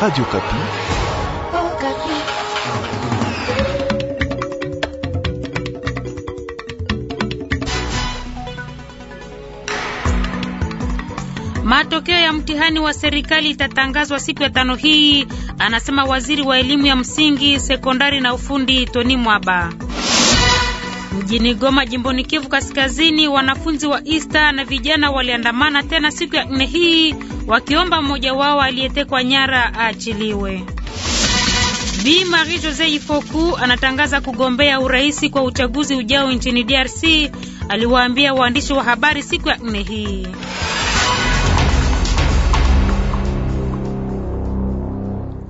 Radio Kapi. Oh, Kapi. Matokeo ya mtihani wa serikali itatangazwa siku ya tano hii, anasema waziri wa elimu ya msingi, sekondari na ufundi Tony Mwaba. Mjini Goma jimboni Kivu Kaskazini, wanafunzi wa Ista na vijana waliandamana tena siku ya nne hii wakiomba mmoja wao aliyetekwa nyara aachiliwe. Bi Marie Jose Ifoku anatangaza kugombea uraisi kwa uchaguzi ujao nchini DRC, aliwaambia waandishi wa habari siku ya nne hii.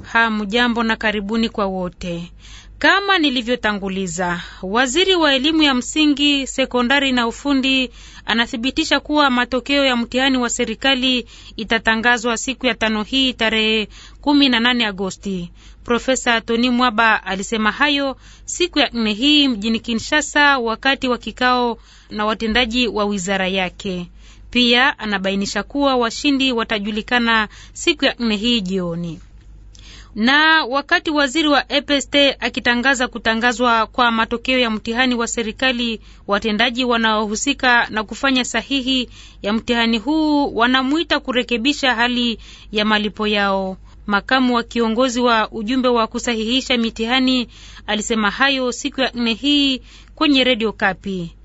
Hamjambo na karibuni kwa wote. Kama nilivyotanguliza, waziri wa elimu ya msingi, sekondari na ufundi anathibitisha kuwa matokeo ya mtihani wa serikali itatangazwa siku ya tano hii tarehe 18 Agosti. Profesa Tony Mwaba alisema hayo siku ya nne hii mjini Kinshasa wakati wa kikao na watendaji wa wizara yake. Pia anabainisha kuwa washindi watajulikana siku ya nne hii jioni. Na wakati waziri wa EPST akitangaza kutangazwa kwa matokeo ya mtihani wa serikali, watendaji wanaohusika na kufanya sahihi ya mtihani huu wanamwita kurekebisha hali ya malipo yao. Makamu wa kiongozi wa ujumbe wa kusahihisha mitihani alisema hayo siku ya nne hii kwenye redio Kapi.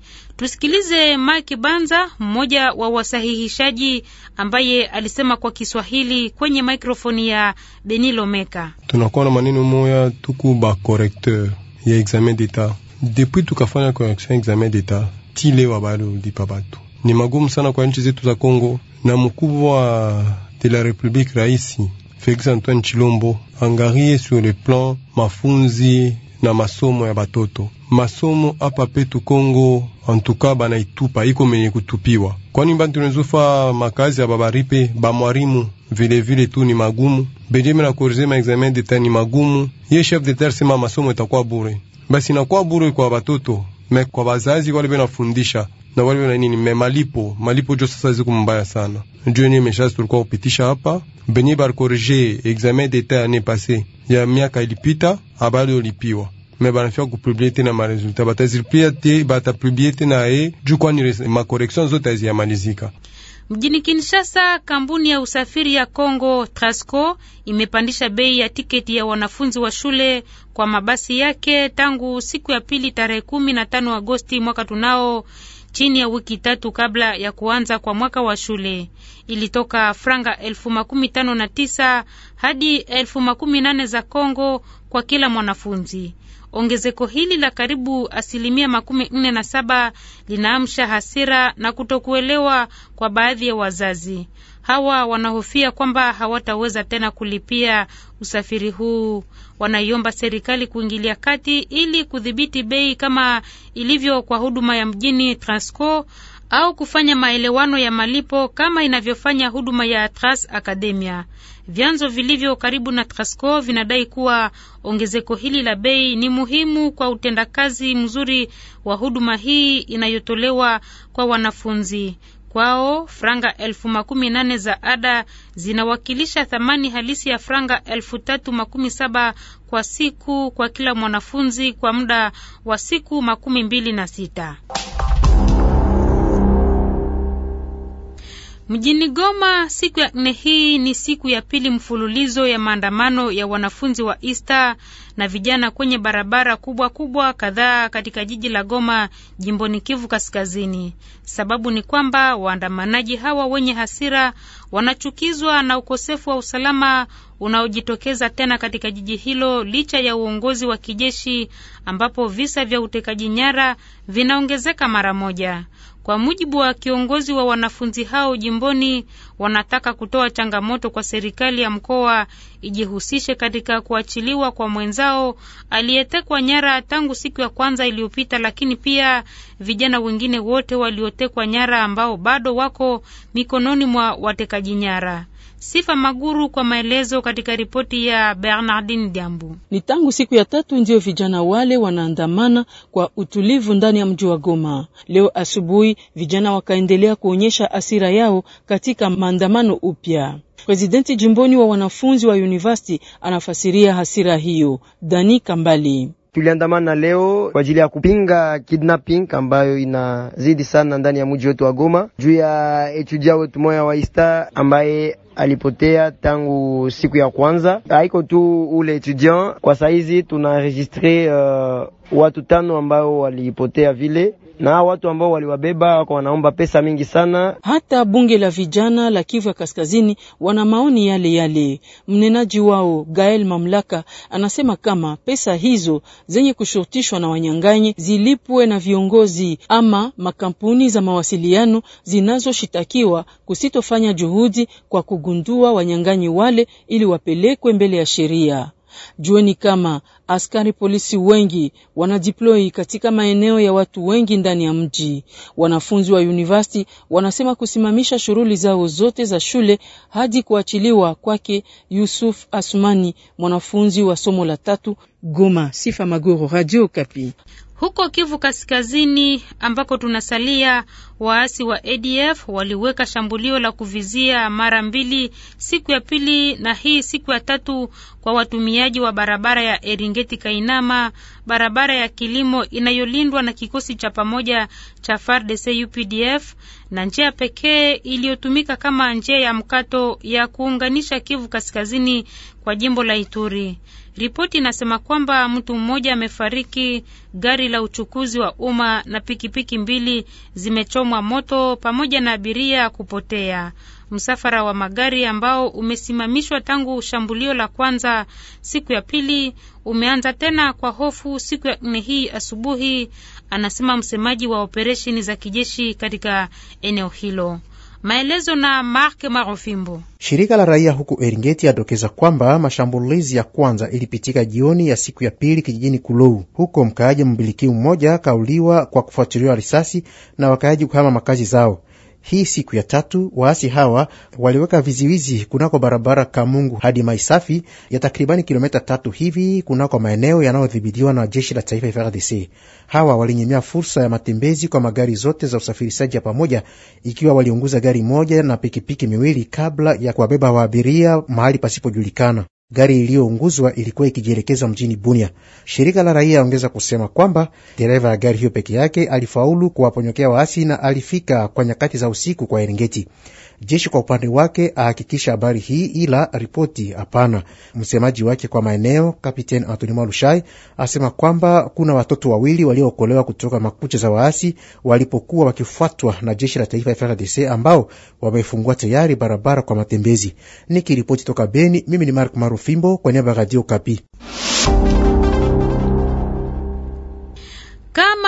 Tusikilize mike Banza, mmoja wa wasahihishaji ambaye alisema kwa Kiswahili kwenye mikrofoni ya beni Lomeka. tunakuwa na maneno moya tuku ba correcteur ya examen d'etat depuis tukafanya correction examen d'etat tilewa balolipa batu ni magumu sana kwa nchi zetu za Kongo, na mkubwa de la republique raisi Felix Antoine Chilombo angarie sur le plan mafunzi na masomo ya batoto. Masomo hapa petu Kongo antuka banaitupa iko menye kutupiwa, kwani bantu nezufa makazi ya babaripe bamwarimu vilevile tu ni magumu benjeme na korize ma examen d'etat ni magumu. Ye chef de terre sema masomo itakuwa bure, basi inakuwa bure kwa batoto me kwa bazazi wale benafundisha na wale na nini me malipo malipo jo sasa ziku mbaya sana jo ni meshazi tulikuwa kupitisha hapa benye bar corriger examen d'etat ane passée ya miaka ilipita abali olipiwa me banafika kupublie tena maresultat, bataziriplia te batapublie tena ye juu, kwani zote haziyamalizika. Mjini Kinshasa, kampuni ya usafiri ya Kongo Trasco imepandisha bei ya tiketi ya wanafunzi wa shule kwa mabasi yake tangu siku ya pili tarehe kumi na tano Agosti mwaka tunao, chini ya wiki tatu kabla ya kuanza kwa mwaka wa shule. Ilitoka franga elfu makumi tano na tisa hadi elfu makumi nane za Kongo kwa kila mwanafunzi. Ongezeko hili la karibu asilimia makumi nne na saba linaamsha hasira na kutokuelewa kwa baadhi ya wazazi. Hawa wanahofia kwamba hawataweza tena kulipia usafiri huu. Wanaiomba serikali kuingilia kati ili kudhibiti bei kama ilivyo kwa huduma ya mjini Transco au kufanya maelewano ya malipo kama inavyofanya huduma ya Trans Academia. Vyanzo vilivyo karibu na Trasco vinadai kuwa ongezeko hili la bei ni muhimu kwa utendakazi mzuri wa huduma hii inayotolewa kwa wanafunzi. Kwao franga elfu makumi nane za ada zinawakilisha thamani halisi ya franga elfu tatu makumi saba kwa siku kwa kila mwanafunzi kwa muda wa siku makumi mbili na sita. Mjini Goma siku ya nne hii ni siku ya pili mfululizo ya maandamano ya wanafunzi wa ista na vijana kwenye barabara kubwa kubwa kadhaa katika jiji la Goma jimboni Kivu Kaskazini. Sababu ni kwamba waandamanaji hawa wenye hasira wanachukizwa na ukosefu wa usalama unaojitokeza tena katika jiji hilo licha ya uongozi wa kijeshi ambapo visa vya utekaji nyara vinaongezeka mara moja. Kwa mujibu wa kiongozi wa wanafunzi hao jimboni, wanataka kutoa changamoto kwa serikali ya mkoa ijihusishe katika kuachiliwa kwa mwenzao aliyetekwa nyara tangu siku ya kwanza iliyopita, lakini pia vijana wengine wote waliotekwa nyara ambao bado wako mikononi mwa watekaji nyara. Sifa Maguru kwa maelezo katika ripoti ya Bernardin Diambu. Ni tangu siku ya tatu ndiyo vijana wale wanaandamana kwa utulivu ndani ya mji wa Goma. Leo asubuhi vijana wakaendelea kuonyesha asira yao katika maandamano upya. Presidenti jimboni wa wanafunzi wa university anafasiria hasira hiyo. Dani Kambali Tuliandamana leo kwa ajili ya kupinga kidnapping ambayo inazidi sana ndani ya mji wetu wa Goma, juu ya etudia wetu moya wa Ista ambaye alipotea tangu siku ya kwanza. Haiko tu ule etudiant, kwa saizi tunaregistre uh, watu tano ambao walipotea vile na watu ambao waliwabeba wako wanaomba pesa mingi sana. Hata bunge la vijana la Kivu ya Kaskazini wana maoni yale yale. Mnenaji wao Gael Mamlaka anasema kama pesa hizo zenye kushurutishwa na wanyang'anyi zilipwe na viongozi ama makampuni za mawasiliano zinazoshitakiwa kusitofanya juhudi kwa kugundua wanyang'anyi wale ili wapelekwe mbele ya sheria. Jueni kama askari polisi wengi wanajiploi katika maeneo ya watu wengi ndani ya mji. Wanafunzi wa university wanasema kusimamisha shughuli zao zote za shule hadi kuachiliwa kwake Yusuf Asmani, mwanafunzi wa somo la tatu Goma. Sifa Magoro, Radio Kapi. Huko Kivu Kaskazini ambako tunasalia, waasi wa ADF waliweka shambulio la kuvizia mara mbili siku ya pili na hii siku ya tatu kwa watumiaji wa barabara ya Eringi Serengeti Kainama, barabara ya kilimo inayolindwa na kikosi cha pamoja cha FARDC UPDF na njia pekee iliyotumika kama njia ya mkato ya kuunganisha Kivu Kaskazini kwa jimbo la Ituri. Ripoti inasema kwamba mtu mmoja amefariki, gari la uchukuzi wa umma na pikipiki mbili zimechomwa moto pamoja na abiria kupotea. Msafara wa magari ambao umesimamishwa tangu shambulio la kwanza siku ya pili umeanza tena kwa hofu siku ya nne hii asubuhi, anasema msemaji wa operesheni za kijeshi katika eneo hilo. Maelezo na Mark Marofimbo. Shirika la raia huko Eringeti yadokeza kwamba mashambulizi ya kwanza ilipitika jioni ya siku ya pili kijijini Kulou. Huko mkaaji mbilikiu mmoja kauliwa kwa kufuatiliwa risasi na wakaaji kuhama makazi zao. Hii siku ya tatu waasi hawa waliweka viziwizi kunako barabara Kamungu hadi Maisafi ya takribani kilomita tatu hivi kunako maeneo yanayodhibitiwa na jeshi la taifa FARDC. Hawa walinyimia fursa ya matembezi kwa magari zote za usafirishaji ya pamoja, ikiwa waliunguza gari moja na pikipiki miwili kabla ya kuwabeba waabiria mahali pasipojulikana gari iliyounguzwa ilikuwa ikijielekezwa mjini Bunia. Shirika la raia ongeza kusema kwamba dereva ya gari hiyo peke yake alifaulu kuwaponyokea waasi na alifika kwa nyakati za usiku kwa Erengeti. Jeshi kwa upande wake ahakikisha habari hii, ila ripoti hapana. Msemaji wake kwa maeneo Kapiteni Antoni Malushai asema kwamba kuna watoto wawili waliookolewa kutoka makucha za waasi walipokuwa wakifuatwa na jeshi la taifa frdc FARDC ambao wamefungua tayari barabara kwa matembezi. Nikiripoti toka Beni, mimi ni Mark Marufimbo kwa niaba ya Radio Kapi.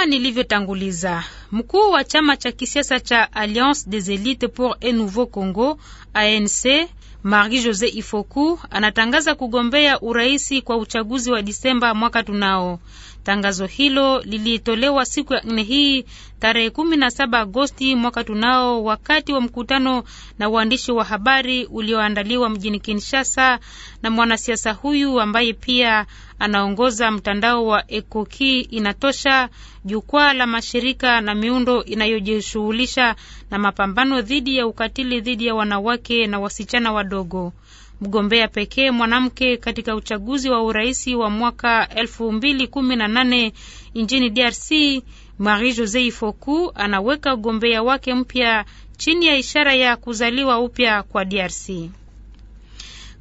nilivyotanguliza, mkuu wa chama cha kisiasa cha Alliance des Elites pour un Nouveau Congo ANC Marie Jose Ifoku anatangaza kugombea uraisi kwa uchaguzi wa Disemba mwaka tunao. Tangazo hilo lilitolewa siku ya nne hii tarehe 17 Agosti mwaka tunao, wakati wa mkutano na uandishi wa habari ulioandaliwa mjini Kinshasa na mwanasiasa huyu ambaye pia anaongoza mtandao wa Ekoki Inatosha, jukwaa la mashirika na miundo inayojishughulisha na mapambano dhidi ya ukatili dhidi ya wanawake na wasichana wadogo. Mgombea pekee mwanamke katika uchaguzi wa uraisi wa mwaka 2018 nchini DRC, Marie Jose Ifoku anaweka ugombea wake mpya chini ya ishara ya kuzaliwa upya kwa DRC.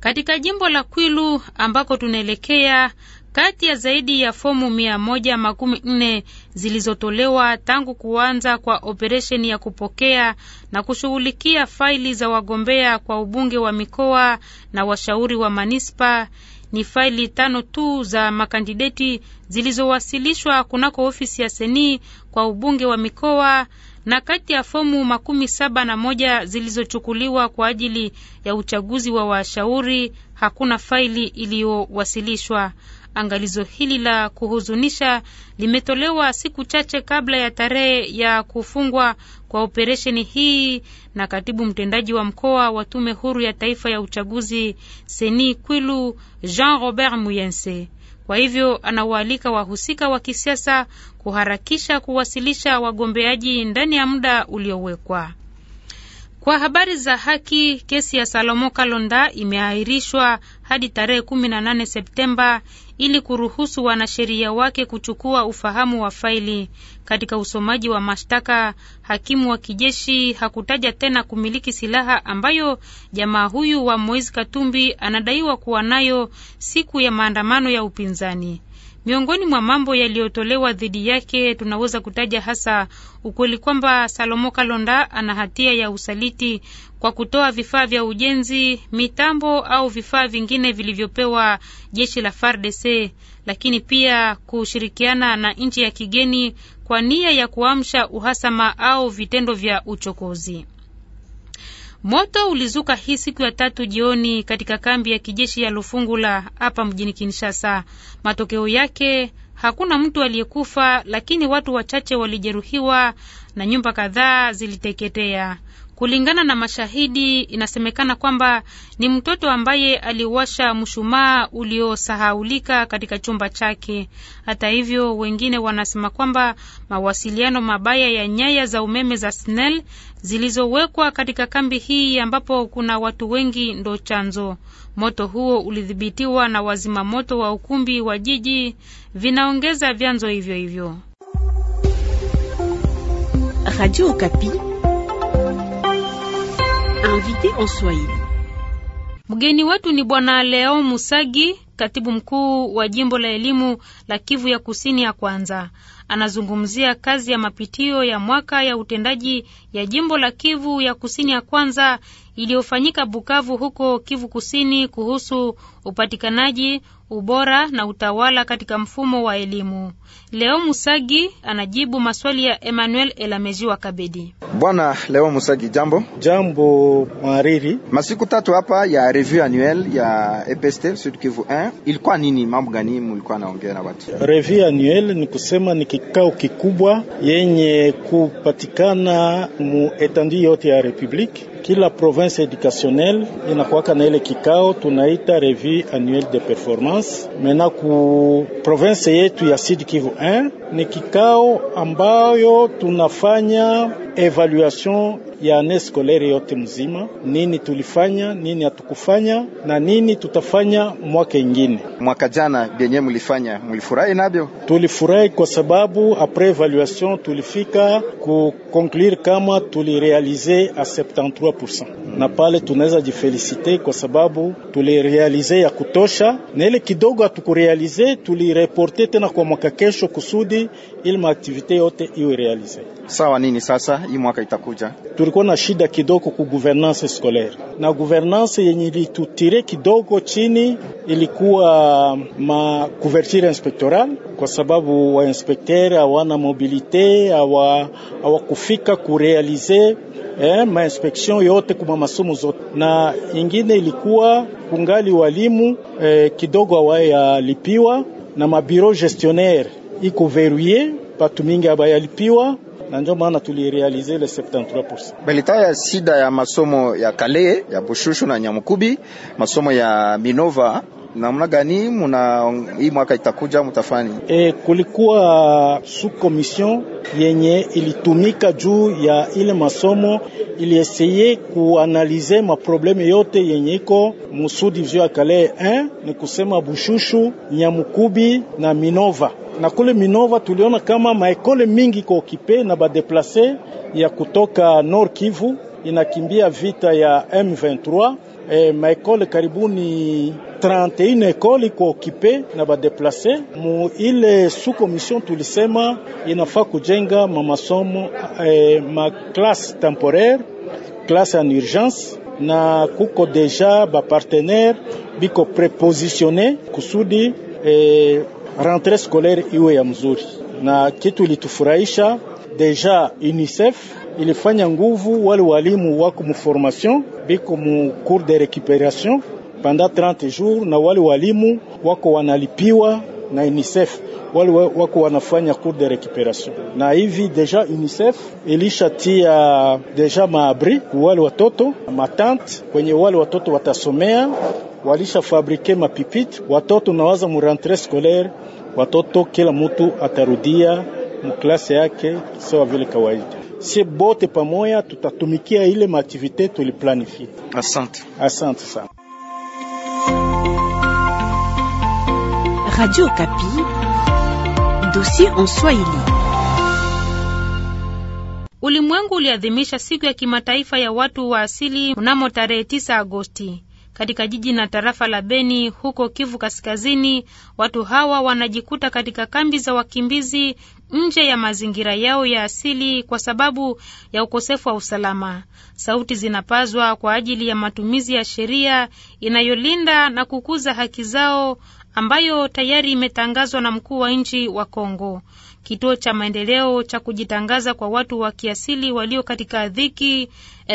Katika jimbo la Kwilu ambako tunaelekea, kati ya zaidi ya fomu mia moja makumi nne zilizotolewa tangu kuanza kwa operesheni ya kupokea na kushughulikia faili za wagombea kwa ubunge wa mikoa na washauri wa manispa, ni faili tano tu za makandideti zilizowasilishwa kunako ofisi ya Seni kwa ubunge wa mikoa na kati ya fomu makumi saba na moja zilizochukuliwa kwa ajili ya uchaguzi wa washauri hakuna faili iliyowasilishwa. Angalizo hili la kuhuzunisha limetolewa siku chache kabla ya tarehe ya kufungwa kwa operesheni hii na katibu mtendaji wa mkoa wa tume huru ya taifa ya uchaguzi Seni Kwilu Jean Robert Muyense. Kwa hivyo anawaalika wahusika wa kisiasa kuharakisha kuwasilisha wagombeaji ndani ya muda uliowekwa. Kwa habari za haki, kesi ya Salomo Kalonda imeahirishwa hadi tarehe 18 Septemba ili kuruhusu wanasheria wake kuchukua ufahamu wa faili. Katika usomaji wa mashtaka, hakimu wa kijeshi hakutaja tena kumiliki silaha ambayo jamaa huyu wa Moise Katumbi anadaiwa kuwa nayo siku ya maandamano ya upinzani. Miongoni mwa mambo yaliyotolewa dhidi yake tunaweza kutaja hasa ukweli kwamba Salomo Kalonda ana hatia ya usaliti kwa kutoa vifaa vya ujenzi, mitambo au vifaa vingine vilivyopewa jeshi la FARDC, lakini pia kushirikiana na nchi ya kigeni kwa nia ya kuamsha uhasama au vitendo vya uchokozi. Moto ulizuka hii siku ya tatu jioni katika kambi ya kijeshi ya Lufungula hapa mjini Kinshasa. Matokeo yake hakuna mtu aliyekufa, lakini watu wachache walijeruhiwa na nyumba kadhaa ziliteketea. Kulingana na mashahidi, inasemekana kwamba ni mtoto ambaye aliwasha mshumaa uliosahaulika katika chumba chake. Hata hivyo, wengine wanasema kwamba mawasiliano mabaya ya nyaya za umeme za SNEL zilizowekwa katika kambi hii ambapo kuna watu wengi ndo chanzo. Moto huo ulidhibitiwa na wazima moto wa ukumbi wa jiji, vinaongeza vyanzo hivyo hivyo. Radio Invité en Swahili. Mgeni wetu ni Bwana Leo Musagi, katibu mkuu wa jimbo la elimu la Kivu ya Kusini ya kwanza. Anazungumzia kazi ya mapitio ya mwaka ya utendaji ya jimbo la Kivu ya Kusini ya kwanza iliyofanyika Bukavu huko Kivu Kusini kuhusu upatikanaji, ubora na utawala katika mfumo wa elimu. Leo Musagi anajibu maswali ya Emmanuel Elamezi wa Kabedi. Bwana Leo Musagi, jambo. Jambo mhariri. Masiku tatu hapa ya revue annuel ya EPST Sud Kivu 1, ilikuwa nini? Mambo gani mulikuwa naongea na watu? Revue annuel ni kusema ni kikao kikubwa yenye kupatikana mu etandi yote ya republiki kila province educationnelle inakuwaka na ile kikao tunaita revue annuelle de performance. Mena ku province yetu ya Sud Kivu 1 ni kikao ambayo tunafanya evaluation ya ane scolaire yote mzima, nini tulifanya, nini hatukufanya na nini tutafanya mwaka ingine. Mwaka jana vyenye mlifanya mlifurahi navyo? Tulifurahi kwa sababu apres evaluation tulifika ku conclure kama tulirealize a 73%, na pale tunaweza jifelicite kwa sababu tulirealize ya kutosha, na ile kidogo hatukurealize tulireporte tena kwa mwaka kesho, kusudi ili maaktivite yote iwe realize sawa nini sasa hii mwaka itakuja. Tulikuwa na shida kidogo ku governance scolaire, na governance yenye ilitutire kidogo chini ilikuwa um, ma couverture inspectoral, kwa sababu wainspekter hawana mobilite, hawakufika kurealize eh, mainspektion yote kuma masomo zote, na ingine ilikuwa kungali walimu eh, kidogo hawayalipiwa na mabiro gestionnaire iko veruye, batu mingi habayalipiwa na ndio maana tulirealize le 73%. Balita ya sida ya masomo ya Kale ya Bushushu na Nyamukubi, masomo ya Minova namna gani muna hii mwaka itakuja mutafani E, eh, kulikuwa subkomision yenye ilitumika juu ya ile masomo, ilieseye kuanalize maprobleme yote yenye iko musudi ya akale 1 ni kusema Bushushu, Nyamukubi na Minova na kule Minova tuliona kama maekole mingi kwa okipe na badeplase ya kutoka Nord Kivu inakimbia vita ya M23. E, maekole karibuni 31 ekoli iko okipe na badeplase mu ile sukomission. Tulisema inafaa kujenga mamasomo eh, classe temporaire classe en urgence na kuko deja partenaires, biko prepositione kusudi eh, rentre scolaire iwe ya mzuri, na kitu ilitufurahisha deja UNICEF ilifanya nguvu wale walimu wako mu formation biko mu cours de récupération panda 30 jours, na wale walimu wako wanalipiwa na UNICEF wale wako wanafanya cours de recuperation, na hivi deja UNICEF ilishatia deja maabri wale watoto matante kwenye wale watoto watasomea, walisha fabrike mapipiti watoto nawaza murentre scolaire, watoto kila mutu atarudia muklase yake sawa vile kawaida. Si bote pamoya tutatumikia ile maaktivite tuliplanifie. Asante, asante sana. Radio Kapi. Dossier en Swahili. Ulimwengu uliadhimisha siku ya kimataifa ya watu wa asili mnamo tarehe 9 Agosti. Katika jiji na tarafa la Beni huko Kivu Kaskazini, watu hawa wanajikuta katika kambi za wakimbizi nje ya mazingira yao ya asili kwa sababu ya ukosefu wa usalama. Sauti zinapazwa kwa ajili ya matumizi ya sheria inayolinda na kukuza haki zao ambayo tayari imetangazwa na mkuu wa nchi wa Kongo. Kituo cha maendeleo cha kujitangaza kwa watu wa kiasili walio katika dhiki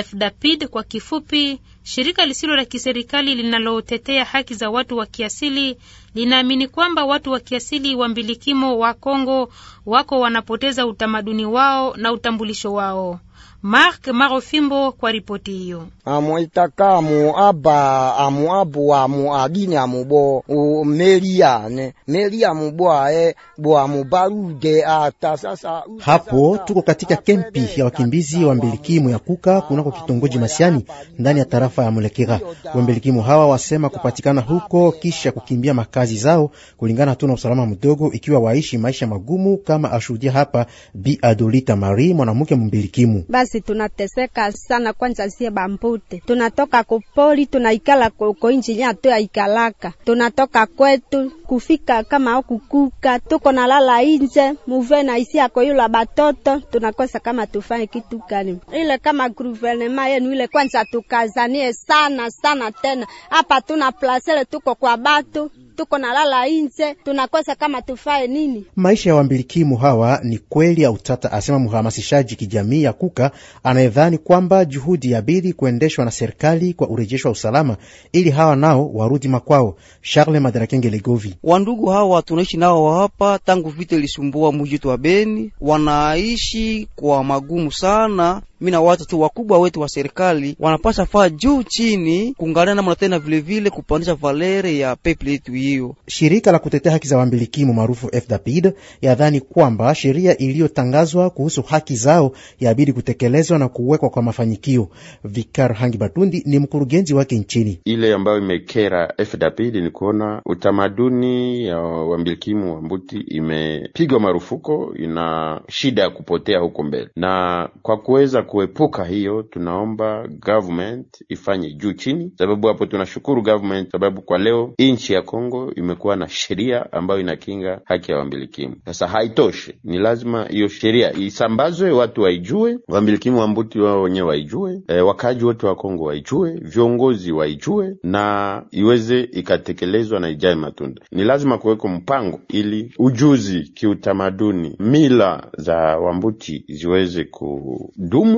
FDAPID kwa kifupi, shirika lisilo la kiserikali linalotetea haki za watu wa kiasili linaamini kwamba watu wa kiasili wa mbilikimo wa Kongo wako wanapoteza utamaduni wao na utambulisho wao. Mark Marofimbo kwa ripoti hiyo. amuitakamu muaba amuabu abu amu abine amubo meliane melia muboae bwamubarude ata sasa. Hapo tuko katika kempi ya wakimbizi wa mbilikimu ya kuka kunako kitongoji Masiani ndani ya tarafa ya Mulekera. Wambilikimu hawa wasema kupatikana huko kisha kukimbia makazi zao kulingana tu na usalama mdogo, ikiwa waishi maisha magumu kama ashuhudia hapa Bi Adolita Marie mwanamke mbilikimu Bas kazi tunateseka sana. Kwanza sie bambute tunatoka kupoli tunaikala ko inji yetu yaikalaka, tunatoka kwetu kufika kama okukuka, tuko nalala inje muve na isi akoyula batoto, tunakosa kama tufanye kitu gani ile kama guvernema yenu ile. Kwanza tukazanie sana sana tena, hapa tuna plasele tuko kwa batu tuko nalala inje, tunakosa kama tufae nini. Maisha ya wambilikimu hawa ni kweli ya utata, asema mhamasishaji kijamii ya Kuka anayedhani kwamba juhudi yabidi kuendeshwa na serikali kwa urejesho wa usalama ili hawa nao warudi makwao. Charles Madarakenge Legovi, wandugu hawa tunaishi nao hapa tangu vita ilisumbua mujitu wa Beni, wanaishi kwa magumu sana mina na watu tu wakubwa wetu wa serikali wanapasha faa juu chini kuungana namna tena vilevile kupandisha valere ya peple yetu. Hiyo shirika la kutetea haki za wambilikimu maarufu FDAPID yadhani kwamba sheria iliyotangazwa kuhusu haki zao yabidi kutekelezwa na kuwekwa kwa mafanyikio. Vikar Hangi Batundi ni mkurugenzi wake nchini. Ile ambayo imekera FDAPID ni kuona utamaduni ya wambilikimu wa mbuti imepigwa marufuko, ina shida ya kupotea huko mbele na kwa kuweza kuepuka hiyo, tunaomba government ifanye juu chini, sababu hapo tunashukuru government, sababu kwa leo nchi ya Kongo imekuwa na sheria ambayo inakinga haki ya wambilikimu. Sasa haitoshi, ni lazima hiyo sheria isambazwe, watu waijue, wambilikimu wa mbuti wao wenyewe waijue, e, wakaaji wote wa Kongo waijue, viongozi waijue, na iweze ikatekelezwa na ijae matunda. Ni lazima kuweko mpango ili ujuzi, kiutamaduni, mila za wambuti ziweze kudumu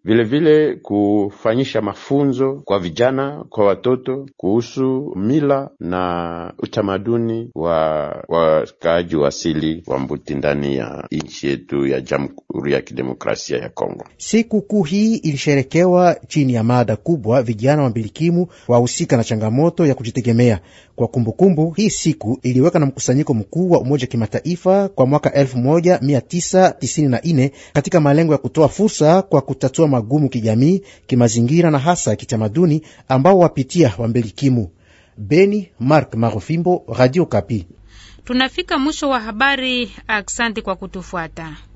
vilevile kufanyisha mafunzo kwa vijana, kwa watoto kuhusu mila na utamaduni wa wakaaji wa asili wa Mbuti ndani ya nchi yetu ya Jamhuri ya Kidemokrasia ya Kongo. kuu hii ilisherekewa chini ya mada kubwa, vijana wa mbilikimu wahusika na changamoto ya kujitegemea kwa kumbukumbu kumbu. Hii siku iliweka na mkusanyiko mkuu wa Umoja wa Kimataifa kwa mwaka 1994 katika malengo ya kutoa fursa kwa kutatua magumu kijamii, kimazingira na hasa kitamaduni ambao wapitia wambelikimu. Beni, Mark Marofimbo, Radio Kapi. Tunafika mwisho wa habari. aksanti kwa kutufuata.